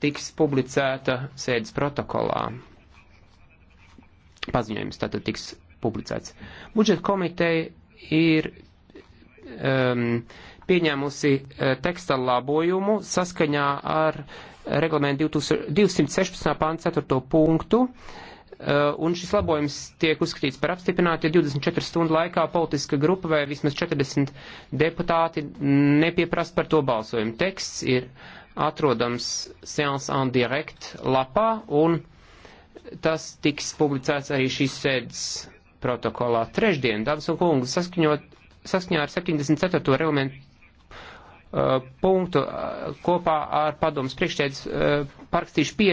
tiks publicēta sēdes protokolā. Paziņojums tātad tiks publicēts. Budžeta komiteja ir um, pieņēmusi uh, teksta labojumu saskaņā ar reglamentu 216. pāns 4. punktu. Uh, un šis labojums tiek uzskatīts par apstiprinātu, ja 24 stundu laikā politiska grupa vai vismaz 40 deputāti nepieprasa par to balsojumu. Teksts ir uh, atrodams Seance en Direct lapā, un tas tiks publicēts arī šīs sēdes protokolā. Trešdien, dāmas un kungi, saskaņā ar 74. reglamentu uh, punktu uh, kopā ar padomus priekšsēdus uh, parakstīšu pie.